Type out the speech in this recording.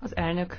Az elnök.